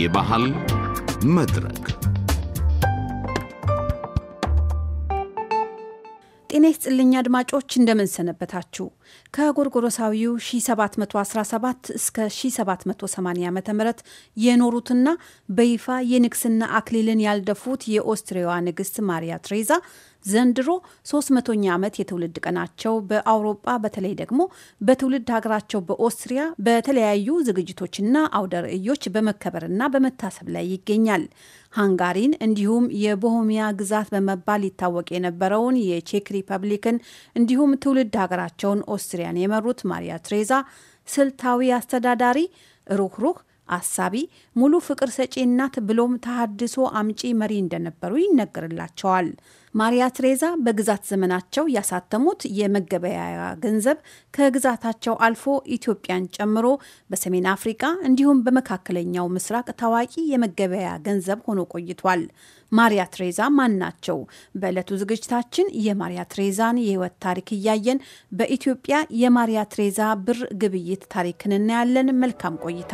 የባህል መድረክ ጤና ይስጥልኝ አድማጮች፣ እንደምንሰነበታችሁ። ከጎርጎሮሳዊው 1717 እስከ 1780 ዓ ም የኖሩትና በይፋ የንግስና አክሊልን ያልደፉት የኦስትሪያዋ ንግስት ማሪያ ትሬዛ ዘንድሮ 300ኛ ዓመት የትውልድ ቀናቸው በአውሮጳ በተለይ ደግሞ በትውልድ ሀገራቸው በኦስትሪያ በተለያዩ ዝግጅቶችና አውደ ርዕዮች በመከበርና በመታሰብ ላይ ይገኛል። ሃንጋሪን እንዲሁም የቦሆሚያ ግዛት በመባል ይታወቅ የነበረውን የቼክ ሪፐብሊክን እንዲሁም ትውልድ ሀገራቸውን ኦስትሪያን የመሩት ማሪያ ትሬዛ ስልታዊ አስተዳዳሪ ሩህሩህ አሳቢ፣ ሙሉ ፍቅር ሰጪ እናት ብሎም ተሃድሶ አምጪ መሪ እንደነበሩ ይነገርላቸዋል። ማሪያ ትሬዛ በግዛት ዘመናቸው ያሳተሙት የመገበያያ ገንዘብ ከግዛታቸው አልፎ ኢትዮጵያን ጨምሮ በሰሜን አፍሪካ እንዲሁም በመካከለኛው ምስራቅ ታዋቂ የመገበያያ ገንዘብ ሆኖ ቆይቷል። ማሪያ ትሬዛ ማን ናቸው? በዕለቱ ዝግጅታችን የማሪያ ትሬዛን የህይወት ታሪክ እያየን በኢትዮጵያ የማሪያ ትሬዛ ብር ግብይት ታሪክን እናያለን። መልካም ቆይታ።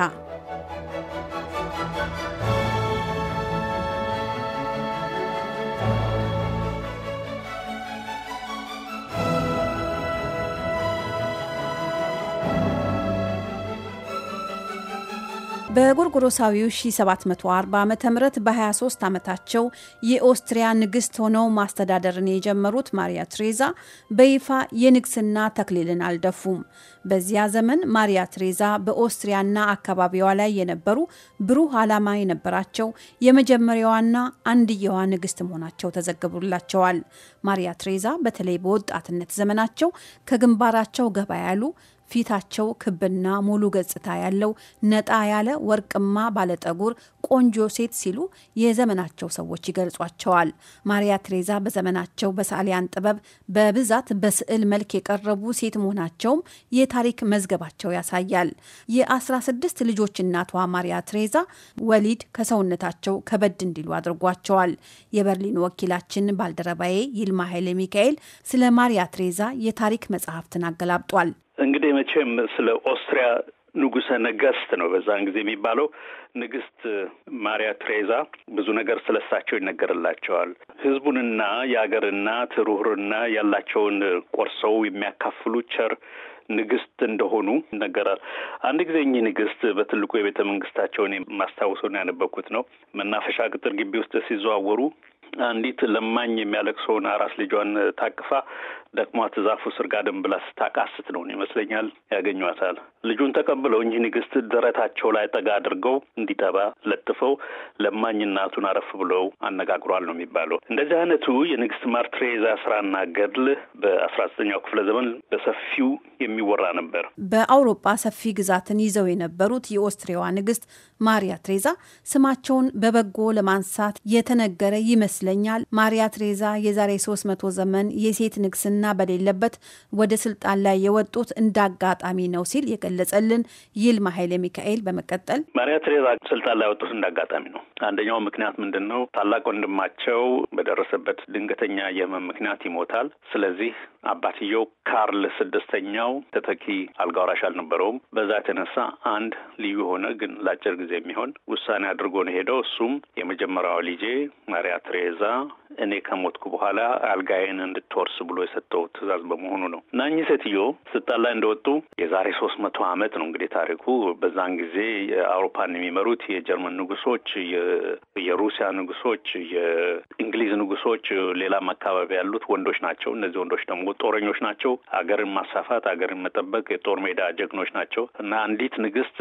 በጎርጎሮሳዊው 1740 ዓ ም በ23 ዓመታቸው የኦስትሪያ ንግሥት ሆነው ማስተዳደርን የጀመሩት ማሪያ ትሬዛ በይፋ የንግስና ተክሊልን አልደፉም። በዚያ ዘመን ማሪያ ትሬዛ በኦስትሪያና አካባቢዋ ላይ የነበሩ ብሩህ ዓላማ የነበራቸው የመጀመሪያዋና አንድየዋ ንግሥት መሆናቸው ተዘግቦላቸዋል። ማሪያ ትሬዛ በተለይ በወጣትነት ዘመናቸው ከግንባራቸው ገባ ያሉ ፊታቸው ክብና ሙሉ ገጽታ ያለው ነጣ ያለ ወርቅማ ባለጠጉር ቆንጆ ሴት ሲሉ የዘመናቸው ሰዎች ይገልጿቸዋል። ማሪያ ቴሬዛ በዘመናቸው በሳሊያን ጥበብ በብዛት በስዕል መልክ የቀረቡ ሴት መሆናቸውም የታሪክ መዝገባቸው ያሳያል። የ16 ልጆች እናቷ ማሪያ ቴሬዛ ወሊድ ከሰውነታቸው ከበድ እንዲሉ አድርጓቸዋል። የበርሊን ወኪላችን ባልደረባዬ ይልማ ኃይለ ሚካኤል ስለ ማሪያ ቴሬዛ የታሪክ መጽሐፍትን አገላብጧል። እንግዲህ መቼም ስለ ኦስትሪያ ንጉሰ ነገስት ነው በዛን ጊዜ የሚባለው። ንግስት ማሪያ ትሬዛ ብዙ ነገር ስለሳቸው ይነገርላቸዋል። ህዝቡንና የአገርና ትሩህርና ያላቸውን ቆርሰው የሚያካፍሉ ቸር ንግስት እንደሆኑ ይነገራል። አንድ ጊዜ እኚህ ንግስት በትልቁ የቤተ መንግስታቸውን ማስታወሱን ያነበኩት ነው መናፈሻ ቅጥር ግቢ ውስጥ ሲዘዋወሩ አንዲት ለማኝ የሚያለቅሰውን አራስ ልጇን ታቅፋ ደክሟት ዛፉ ስር ጋደም ብላ ስታቃስት ነው ይመስለኛል ያገኟታል። ልጁን ተቀብለው እኚህ ንግስት ደረታቸው ላይ ጠጋ አድርገው እንዲጠባ ለጥፈው ለማኝ እናቱን አረፍ ብለው አነጋግሯል ነው የሚባለው። እንደዚህ አይነቱ የንግስት ማር ትሬዛ ስራና ገድል በአስራ ዘጠኛው ክፍለ ዘመን በሰፊው የሚወራ ነበር። በአውሮፓ ሰፊ ግዛትን ይዘው የነበሩት የኦስትሪያዋ ንግስት ማሪያ ትሬዛ ስማቸውን በበጎ ለማንሳት የተነገረ ይመስል ይመስለኛል ማሪያ ትሬዛ የዛሬ 300 ዘመን የሴት ንግስና በሌለበት ወደ ስልጣን ላይ የወጡት እንዳጋጣሚ ነው ሲል የገለጸልን ይልማ ኃይለ ሚካኤል በመቀጠል ማሪያ ትሬዛ ስልጣን ላይ ወጡት እንዳጋጣሚ ነው። አንደኛው ምክንያት ምንድን ነው? ታላቅ ወንድማቸው በደረሰበት ድንገተኛ የህመም ምክንያት ይሞታል። ስለዚህ አባትየው ካርል ስድስተኛው ተተኪ አልጋ ወራሽ አልነበረውም። በዛ የተነሳ አንድ ልዩ የሆነ ግን ለአጭር ጊዜ የሚሆን ውሳኔ አድርጎ ነው ሄደው እሱም የመጀመሪያው ልጄ ማሪያ ትሬ ቤዛ እኔ ከሞትኩ በኋላ አልጋዬን እንድትወርስ ብሎ የሰጠው ትእዛዝ በመሆኑ ነው እና እኚህ ሴትዮ ስልጣን ላይ እንደወጡ የዛሬ ሶስት መቶ አመት ነው እንግዲህ ታሪኩ። በዛን ጊዜ አውሮፓን የሚመሩት የጀርመን ንጉሶች፣ የሩሲያ ንጉሶች፣ የእንግሊዝ ንጉሶች፣ ሌላም አካባቢ ያሉት ወንዶች ናቸው። እነዚህ ወንዶች ደግሞ ጦረኞች ናቸው። አገርን ማሳፋት፣ አገርን መጠበቅ የጦር ሜዳ ጀግኖች ናቸው እና አንዲት ንግስት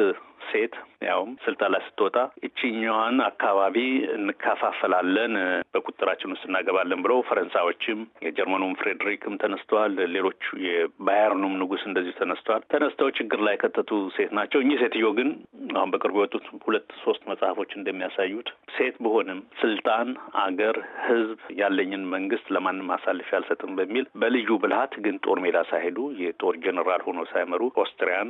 ሴት ያውም ስልጣን ላይ ስትወጣ እችኛዋን አካባቢ እንከፋፈላለን፣ በቁጥራችን ውስጥ እናገባለን ብለው ፈረንሳዮችም የጀርመኑም ፍሬድሪክም ተነስተዋል። ሌሎቹ የባየርኑም ንጉስ እንደዚሁ ተነስተዋል። ተነስተው ችግር ላይ የከተቱ ሴት ናቸው። እኚህ ሴትዮ ግን አሁን በቅርቡ የወጡት ሁለት ሶስት መጽሐፎች እንደሚያሳዩት ሴት ብሆንም ስልጣን፣ አገር፣ ህዝብ ያለኝን መንግስት ለማንም አሳልፌ አልሰጥም በሚል በልዩ ብልሃት ግን ጦር ሜዳ ሳይሄዱ የጦር ጀኔራል ሆኖ ሳይመሩ ኦስትሪያን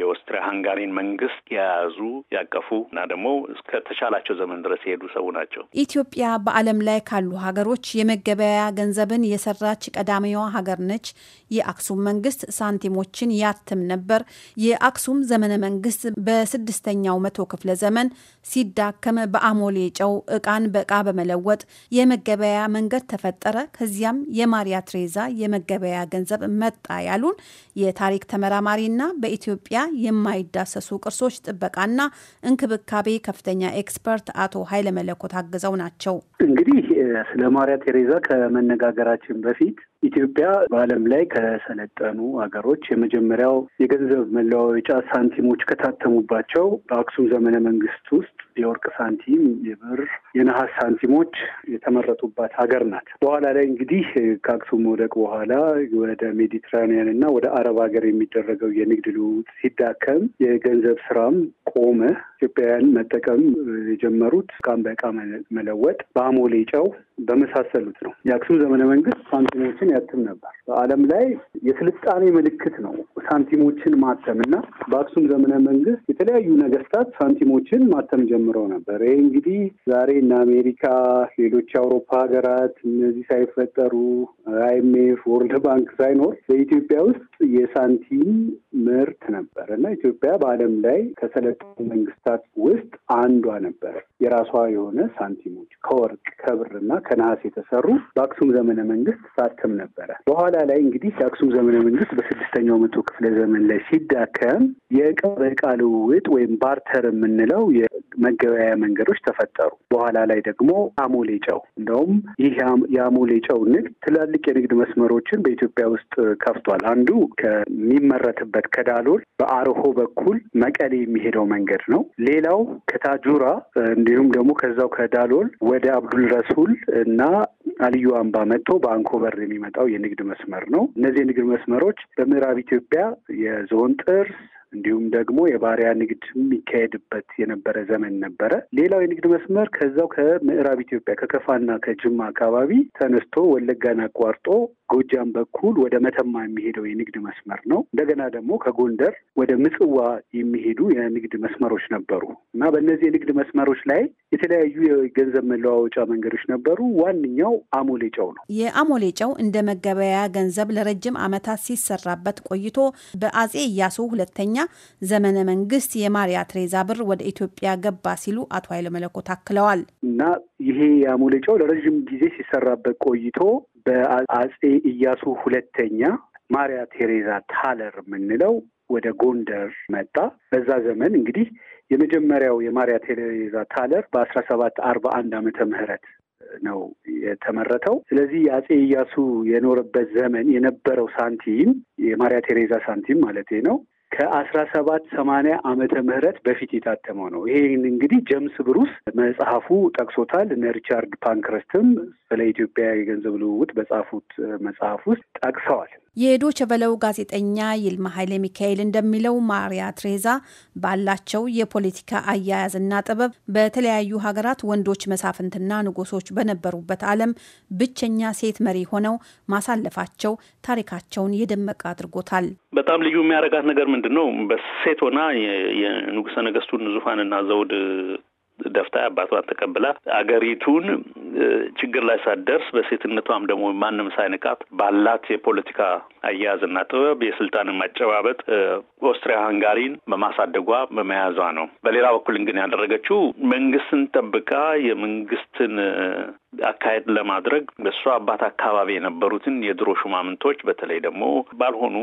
የኦስትሪያ ሃንጋሪን መንግስት የያዙ ያቀፉ እና ደግሞ እስከተሻላቸው ዘመን ድረስ የሄዱ ሰው ናቸው። ኢትዮጵያ በዓለም ላይ ካሉ ሀገሮች የመገበያያ ገንዘብን የሰራች ቀዳሚዋ ሀገር ነች። የአክሱም መንግስት ሳንቲሞችን ያትም ነበር። የአክሱም ዘመነ መንግስት በስድስተኛው መቶ ክፍለ ዘመን ሲዳከም በአሞሌ ጨው እቃን በእቃ በመለወጥ የመገበያያ መንገድ ተፈጠረ። ከዚያም የማሪያ ትሬዛ የመገበያያ ገንዘብ መጣ ያሉን የታሪክ ተመራማሪና በኢትዮጵያ የማይዳሰሱ ቅርሶች ጥበቃና እና እንክብካቤ ከፍተኛ ኤክስፐርት አቶ ኃይለ መለኮት አግዘው ናቸው። እንግዲህ ስለ ማሪያ ቴሬዛ ከመነጋገራችን በፊት ኢትዮጵያ በዓለም ላይ ከሰለጠኑ ሀገሮች የመጀመሪያው የገንዘብ መለዋወጫ ሳንቲሞች ከታተሙባቸው በአክሱም ዘመነ መንግስት ውስጥ የወርቅ ሳንቲም፣ የብር፣ የነሐስ ሳንቲሞች የተመረጡባት ሀገር ናት። በኋላ ላይ እንግዲህ ከአክሱም መውደቅ በኋላ ወደ ሜዲትራኒያን እና ወደ አረብ ሀገር የሚደረገው የንግድ ልውውጥ ሲዳከም የገንዘብ ስራም ቆመ። ኢትዮጵያውያን መጠቀም የጀመሩት ቃም በዕቃ መለወጥ በአሞሌ ጨው በመሳሰሉት ነው። የአክሱም ዘመነ መንግስት ሳንቲሞችን ያትም ነበር። በዓለም ላይ የስልጣኔ ምልክት ነው ሳንቲሞችን ማተም እና በአክሱም ዘመነ መንግስት የተለያዩ ነገስታት ሳንቲሞችን ማተም ጀምረው ነበር። ይሄ እንግዲህ ዛሬ እነ አሜሪካ፣ ሌሎች የአውሮፓ ሀገራት እነዚህ ሳይፈጠሩ አይኤምኤፍ፣ ወርልድ ባንክ ሳይኖር በኢትዮጵያ ውስጥ የሳንቲም ምርት ነበር እና ኢትዮጵያ በዓለም ላይ ከሰለጠኑ መንግስታት ውስጥ አንዷ ነበር። የራሷ የሆነ ሳንቲሞች ከወርቅ ከብርና ከነሐስ የተሰሩ በአክሱም ዘመነ መንግስት ሳትም ነበረ። በኋላ ላይ እንግዲህ የአክሱም ዘመነ መንግስት በስድስተኛው መቶ ክፍለ ዘመን ላይ ሲዳከም የእቃ በእቃ ልውውጥ ወይም ባርተር የምንለው የመገበያያ መንገዶች ተፈጠሩ። በኋላ ላይ ደግሞ አሞሌ ጨው እንደውም ይህ የአሞሌ ጨው ንግድ ትላልቅ የንግድ መስመሮችን በኢትዮጵያ ውስጥ ከፍቷል። አንዱ ከሚመረትበት ከዳሎል በአርሆ በኩል መቀሌ የሚሄደው መንገድ ነው። ሌላው ከታጁራ እንዲሁም ደግሞ ከዛው ከዳሎል ወደ አብዱል ረሱል እና አልዩ አምባ መጥቶ በአንኮበር የሚመጣው የንግድ መስመር ነው። እነዚህ የንግድ መስመሮች በምዕራብ ኢትዮጵያ የዞን ጥርስ እንዲሁም ደግሞ የባሪያ ንግድ የሚካሄድበት የነበረ ዘመን ነበረ። ሌላው የንግድ መስመር ከዛው ከምዕራብ ኢትዮጵያ ከከፋና ከጅማ አካባቢ ተነስቶ ወለጋን አቋርጦ ጎጃም በኩል ወደ መተማ የሚሄደው የንግድ መስመር ነው። እንደገና ደግሞ ከጎንደር ወደ ምጽዋ የሚሄዱ የንግድ መስመሮች ነበሩ እና በእነዚህ የንግድ መስመሮች ላይ የተለያዩ የገንዘብ መለዋወጫ መንገዶች ነበሩ። ዋነኛው አሞሌ ጨው ነው። የአሞሌ ጨው እንደ መገበያያ ገንዘብ ለረጅም ዓመታት ሲሰራበት ቆይቶ በአጼ እያሱ ሁለተኛ ዘመነ መንግስት የማሪያ ትሬዛ ብር ወደ ኢትዮጵያ ገባ ሲሉ አቶ ኃይለ መለኮ ታክለዋል እና ይሄ የአሞሌ ጨው ለረዥም ጊዜ ሲሰራበት ቆይቶ በአጼ ኢያሱ ሁለተኛ ማሪያ ቴሬዛ ታለር የምንለው ወደ ጎንደር መጣ። በዛ ዘመን እንግዲህ የመጀመሪያው የማሪያ ቴሬዛ ታለር በአስራ ሰባት አርባ አንድ ዓመተ ምህረት ነው የተመረተው። ስለዚህ የአጼ እያሱ የኖረበት ዘመን የነበረው ሳንቲም የማሪያ ቴሬዛ ሳንቲም ማለት ነው ከአስራ ሰባት ሰማንያ ዓመተ ምህረት በፊት የታተመው ነው። ይሄ እንግዲህ ጀምስ ብሩስ መጽሐፉ ጠቅሶታል። እነ ሪቻርድ ፓንክረስትም ስለ ኢትዮጵያ የገንዘብ ልውውጥ በጻፉት መጽሐፍ ውስጥ ጠቅሰዋል። የዶቼ ቬለው ጋዜጠኛ ይልማ ኃይለ ሚካኤል እንደሚለው ማሪያ ትሬዛ ባላቸው የፖለቲካ አያያዝና ጥበብ በተለያዩ ሀገራት ወንዶች መሳፍንትና ንጉሶች በነበሩበት ዓለም ብቸኛ ሴት መሪ ሆነው ማሳለፋቸው ታሪካቸውን የደመቀ አድርጎታል። በጣም ልዩ የሚያደርጋት ነገር ምንድን ነው በሴት ሆና የንጉሰ ነገስቱን ዙፋንና ዘውድ ደፍታ አባቷን ተቀብላ አገሪቱን ችግር ላይ ሳትደርስ በሴትነቷም ደግሞ ማንም ሳይንቃት ባላት የፖለቲካ አያያዝና ጥበብ የስልጣን ማጨባበጥ ኦስትሪያ ሃንጋሪን በማሳደጓ በመያዟ ነው። በሌላ በኩል ግን ያደረገችው መንግስትን ጠብቃ የመንግስትን አካሄድ ለማድረግ በእሷ አባት አካባቢ የነበሩትን የድሮ ሹማምንቶች በተለይ ደግሞ ባልሆኑ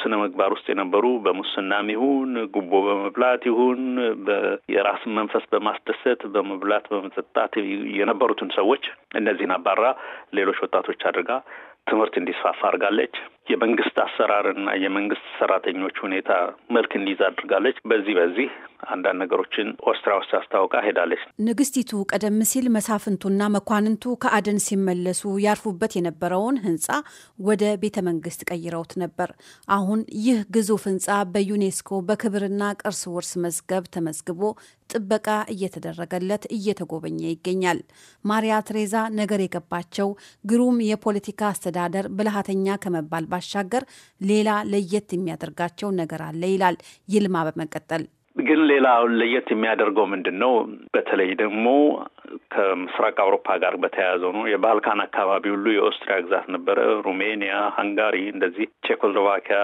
ስነ ምግባር ውስጥ የነበሩ በሙስናም ይሁን ጉቦ በመብላት ይሁን የራስን መንፈስ በማስደሰት በመብላት በመጠጣት የነበሩትን ሰዎች እነዚህን አባራ ሌሎች ወጣቶች አድርጋ ትምህርት እንዲስፋፋ አድርጋለች። የመንግስት አሰራርና የመንግስት ሰራተኞች ሁኔታ መልክ እንዲይዝ አድርጋለች። በዚህ በዚህ አንዳንድ ነገሮችን ኦስትራ ውስጥ አስታውቃ ሄዳለች። ንግስቲቱ ቀደም ሲል መሳፍንቱና መኳንንቱ ከአደን ሲመለሱ ያርፉበት የነበረውን ህንጻ ወደ ቤተ መንግስት ቀይረውት ነበር። አሁን ይህ ግዙፍ ህንጻ በዩኔስኮ በክብርና ቅርስ ውርስ መዝገብ ተመዝግቦ ጥበቃ እየተደረገለት እየተጎበኘ ይገኛል። ማሪያ ትሬዛ ነገር የገባቸው ግሩም የፖለቲካ አስተዳደር ብልሃተኛ ከመባል ባሻገር ሌላ ለየት የሚያደርጋቸው ነገር አለ ይላል ይልማ በመቀጠል ግን ሌላ ለየት የሚያደርገው ምንድን ነው? በተለይ ደግሞ ከምስራቅ አውሮፓ ጋር በተያያዘው ነው። የባልካን አካባቢ ሁሉ የኦስትሪያ ግዛት ነበረ። ሩሜኒያ፣ ሃንጋሪ እንደዚህ ቼኮስሎቫኪያ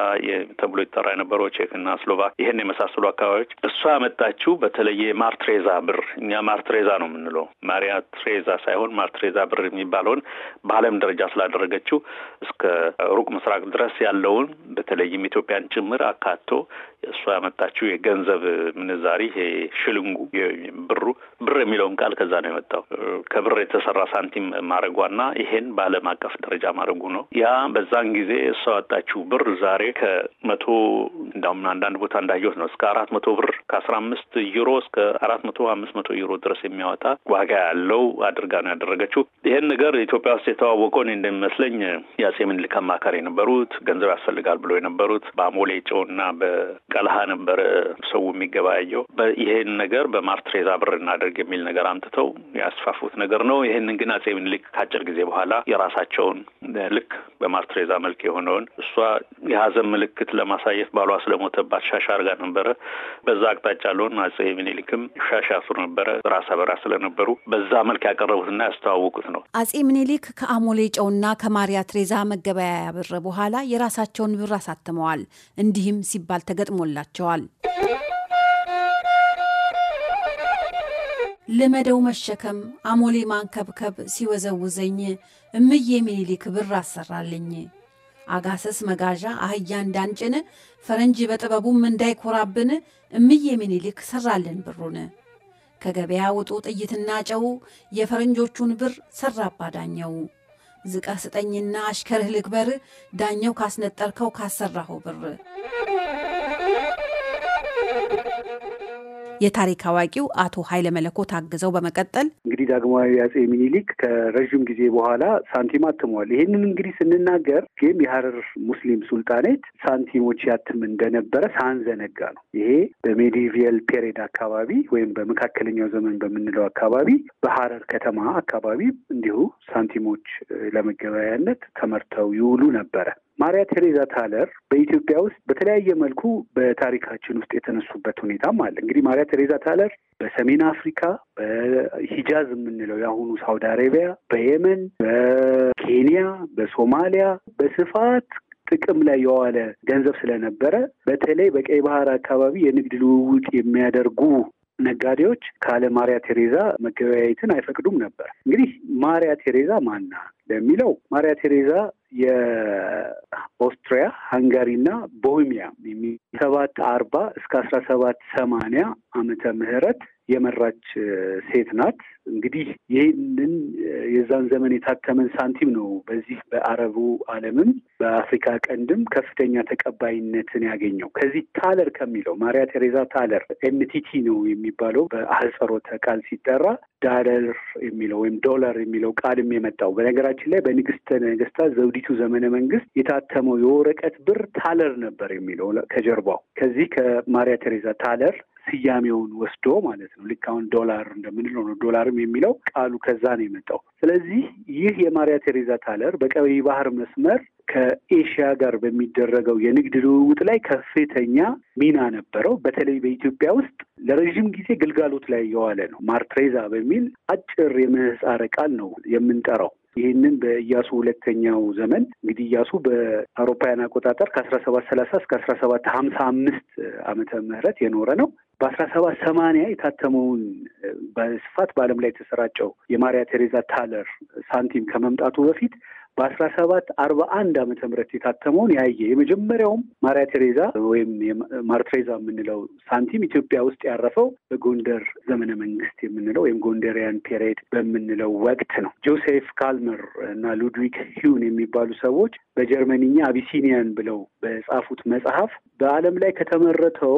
ተብሎ ይጠራ የነበረው ቼክና ስሎቫክ ይህን የመሳሰሉ አካባቢዎች እሷ ያመጣችው በተለየ ማርትሬዛ ብር፣ እኛ ማርትሬዛ ነው የምንለው ማሪያ ትሬዛ ሳይሆን ማርትሬዛ ብር የሚባለውን በዓለም ደረጃ ስላደረገችው እስከ ሩቅ ምስራቅ ድረስ ያለውን በተለይም ኢትዮጵያን ጭምር አካቶ እሷ ያመጣችው የገንዘብ ምንዛሪ ይሄ ሽልንጉ ብሩ ብር የሚለውን ቃል ከዛ ነው የመጣው ከብር የተሰራ ሳንቲም ማድረጓና ይሄን በዓለም አቀፍ ደረጃ ማድረጉ ነው። ያ በዛን ጊዜ እሷ ያወጣችው ብር ዛሬ ከመቶ እንዳውም አንዳንድ ቦታ እንዳየሁት ነው እስከ አራት መቶ ብር ከአስራ አምስት ዩሮ እስከ አራት መቶ አምስት መቶ ዩሮ ድረስ የሚያወጣ ዋጋ ያለው አድርጋ ነው ያደረገችው። ይሄን ነገር ኢትዮጵያ ውስጥ የተዋወቀውን እንደሚመስለኝ የአጼ ምኒልክ አማካሪ የነበሩት ገንዘብ ያስፈልጋል ብሎ የነበሩት በአሞሌ ጨውና በቀልሃ ነበረ ሰው የሚገበያየው። ይሄን ነገር በማርትሬዛ ብር እናደርግ የሚል ነገር አምጥተው ያስፋፉት ነገር ነው። ይህንን ግን አጼ ምኒልክ ከአጭር ጊዜ በኋላ የራሳቸውን ልክ በማርትሬዛ መልክ የሆነውን እሷ የሀዘን ምልክት ለማሳየት ባሏ ስለሞተባት ሻሽ አርጋ ነበረ። በዛ አቅጣጫ ለሆን አጼ ምኒልክም ሻሽ ያስሩ ነበረ። ራሰ በራ ስለነበሩ በዛ መልክ ያቀረቡትና ያስተዋወቁት ነው። አጼ ምኒልክ ከአሞሌ ጨውና ከማሪያ ትሬዛ መገበያያ ብር በኋላ የራሳቸውን ብር አሳትመዋል። እንዲህም ሲባል ተገጥሞላቸዋል። ልመደው መሸከም አሞሌ ማንከብከብ ሲወዘውዘኝ እምዬ ሚኒሊክ ብር አሰራልኝ። አጋሰስ መጋዣ አህያ እንዳንጭን ፈረንጅ በጥበቡም እንዳይኮራብን እምዬ ሚኒሊክ ሰራልን ብሩን። ከገበያ ውጡ ጥይትና ጨው የፈረንጆቹን ብር ሰራባ ዳኘው። ዝቀስጠኝና ስጠኝና አሽከርህ ልግበር ዳኘው ካስነጠርከው ካሰራኸው ብር የታሪክ አዋቂው አቶ ኃይለ መለኮት አግዘው በመቀጠል እንግዲህ ዳግማዊ አጼ ሚኒሊክ ከረዥም ጊዜ በኋላ ሳንቲም አትመዋል። ይህንን እንግዲህ ስንናገር ግን የሀረር ሙስሊም ሱልጣኔት ሳንቲሞች ያትም እንደነበረ ሳንዘነጋ ነው። ይሄ በሜዲቪየል ፔሬድ አካባቢ ወይም በመካከለኛው ዘመን በምንለው አካባቢ በሀረር ከተማ አካባቢ እንዲሁ ሳንቲሞች ለመገበያያነት ተመርተው ይውሉ ነበረ። ማሪያ ቴሬዛ ታለር በኢትዮጵያ ውስጥ በተለያየ መልኩ በታሪካችን ውስጥ የተነሱበት ሁኔታም አለ። እንግዲህ ማሪያ ቴሬዛ ታለር በሰሜን አፍሪካ በሂጃዝ የምንለው የአሁኑ ሳውዲ አረቢያ በየመን፣ በኬንያ፣ በሶማሊያ በስፋት ጥቅም ላይ የዋለ ገንዘብ ስለነበረ በተለይ በቀይ ባህር አካባቢ የንግድ ልውውጥ የሚያደርጉ ነጋዴዎች ካለ ማሪያ ቴሬዛ መገበያየትን አይፈቅዱም ነበር። እንግዲህ ማሪያ ቴሬዛ ማና ለሚለው ማሪያ ቴሬዛ የኦስትሪያ ሃንጋሪና ቦሂሚያ ሰባት አርባ እስከ አስራ ሰባት ሰማንያ አመተ ምህረት የመራች ሴት ናት። እንግዲህ ይህንን የዛን ዘመን የታተመን ሳንቲም ነው በዚህ በአረቡ ዓለምም በአፍሪካ ቀንድም ከፍተኛ ተቀባይነትን ያገኘው። ከዚህ ታለር ከሚለው ማሪያ ቴሬዛ ታለር ኤምቲቲ ነው የሚባለው በአህጸሮተ ቃል ሲጠራ ዳለር የሚለው ወይም ዶላር የሚለው ቃልም የመጣው በነገራችን ላይ በንግስተ ነገስታት ዘውዲቱ ዘመነ መንግስት የታተመው የወረቀት ብር ታለር ነበር የሚለው ከጀርባው ከዚህ ከማሪያ ቴሬዛ ታለር ስያሜውን ወስዶ ማለት ነው። ልክ አሁን ዶላር እንደምንለው ነው። ዶላርም የሚለው ቃሉ ከዛ ነው የመጣው። ስለዚህ ይህ የማሪያ ቴሬዛ ታለር በቀይ ባህር መስመር ከኤሽያ ጋር በሚደረገው የንግድ ልውውጥ ላይ ከፍተኛ ሚና ነበረው። በተለይ በኢትዮጵያ ውስጥ ለረዥም ጊዜ ግልጋሎት ላይ የዋለ ነው። ማርትሬዛ በሚል አጭር የምህፃረ ቃል ነው የምንጠራው። ይህንን በኢያሱ ሁለተኛው ዘመን እንግዲህ ኢያሱ በአውሮፓውያን አቆጣጠር ከአስራ ሰባት ሰላሳ እስከ አስራ ሰባት ሀምሳ አምስት አመተ ምህረት የኖረ ነው። በአስራ ሰባት ሰማንያ የታተመውን በስፋት በዓለም ላይ የተሰራጨው የማሪያ ቴሬዛ ታለር ሳንቲም ከመምጣቱ በፊት በአስራ ሰባት አርባ አንድ ዓመተ ምህረት የታተመውን ያየ የመጀመሪያውም ማሪያ ቴሬዛ ወይም ማርትሬዛ የምንለው ሳንቲም ኢትዮጵያ ውስጥ ያረፈው በጎንደር ዘመነ መንግስት የምንለው ወይም ጎንደሪያን ፔሬድ በምንለው ወቅት ነው። ጆሴፍ ካልመር እና ሉድዊግ ሂዩን የሚባሉ ሰዎች በጀርመንኛ አቢሲኒያን ብለው በጻፉት መጽሐፍ በዓለም ላይ ከተመረተው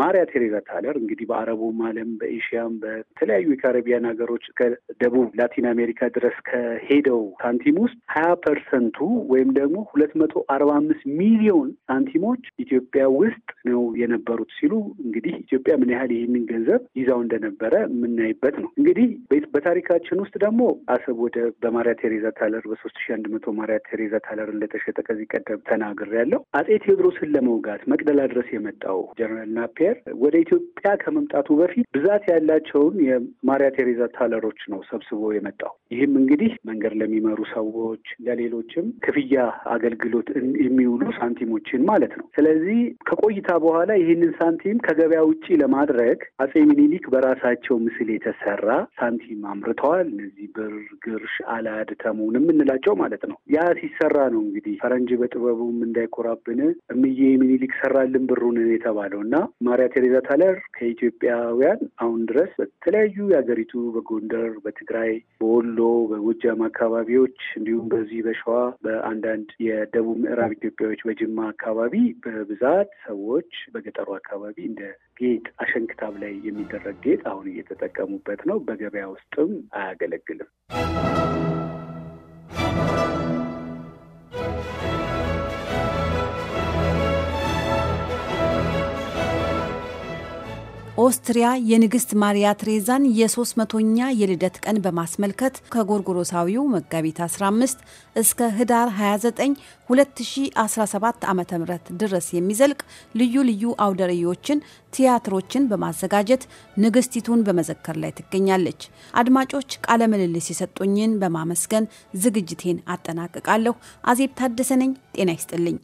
ማሪያ ቴሬዛ ታለር እንግዲህ በአረቡም ዓለም በኤሽያም በተለያዩ የካረቢያን ሀገሮች ከደቡብ ላቲን አሜሪካ ድረስ ከሄደው ሳንቲም ውስጥ ሀያ ፐርሰንቱ ወይም ደግሞ ሁለት መቶ አርባ አምስት ሚሊዮን ሳንቲሞች ኢትዮጵያ ውስጥ ነው የነበሩት ሲሉ እንግዲህ ኢትዮጵያ ምን ያህል ይህንን ገንዘብ ይዛው እንደነበረ የምናይበት ነው። እንግዲህ በታሪካችን ውስጥ ደግሞ አሰብ ወደ በማሪያ ቴሬዛ ታለር በሶስት ሺ አንድ መቶ ማሪያ ቴሬዛ ታለር እንደተሸጠ ከዚህ ቀደም ተናግሬያለሁ። አጼ ቴዎድሮስን ለመውጋት መቅደላ ድረስ የመጣው ጀነራል ናፒየር ወደ ኢትዮጵያ ከመምጣቱ በፊት ብዛት ያላቸውን የማሪያ ቴሬዛ ታለሮች ነው ሰብስቦ የመጣው። ይህም እንግዲህ መንገድ ለሚመሩ ሰዎች፣ ለሌሎችም ክፍያ አገልግሎት የሚውሉ ሳንቲሞችን ማለት ነው። ስለዚህ ከቆይታ በኋላ ይህንን ሳንቲም ከገበያ ውጭ ለማድረግ አጼ ሚኒሊክ በራሳቸው ምስል የተሰራ ሳንቲም አምርተዋል። እነዚህ ብር፣ ግርሽ፣ አላድ፣ ተሙን የምንላቸው ማለት ነው። ያ ሲሰራ ነው እንግዲህ ፈረንጅ በጥበቡም እንዳይኮራብን እምዬ ሚኒሊክ ሰራልን ብሩን የተባለው እና ማሪያ ቴሬዛ ታለር ከኢትዮጵያውያን አሁን ድረስ በተለያዩ የሀገሪቱ በጎንደር፣ በትግራይ፣ በወሎ፣ በጎጃም አካባቢዎች እንዲሁም በዚህ በሸዋ በአንዳንድ የደቡብ ምዕራብ ኢትዮጵያዎች በጅማ አካባቢ በብዛት ሰዎች በገጠሩ አካባቢ እንደ ጌጥ አሸንክታብ ላይ የሚደረግ ጌጥ አሁን እየተጠቀሙበት ነው። በገበያ ውስጥም አያገለግልም። በኦስትሪያ የንግሥት ማሪያ ትሬዛን የ300ኛ የልደት ቀን በማስመልከት ከጎርጎሮሳዊው መጋቢት 15 እስከ ህዳር 29 2017 ዓ ም ድረስ የሚዘልቅ ልዩ ልዩ አውደ ቲያትሮችን በማዘጋጀት ንግስቲቱን በመዘከር ላይ ትገኛለች። አድማጮች ቃለ ምልልስ የሰጡኝን በማመስገን ዝግጅቴን አጠናቅቃለሁ። አዜብ ታደሰ ነኝ። ጤና ይስጥልኝ።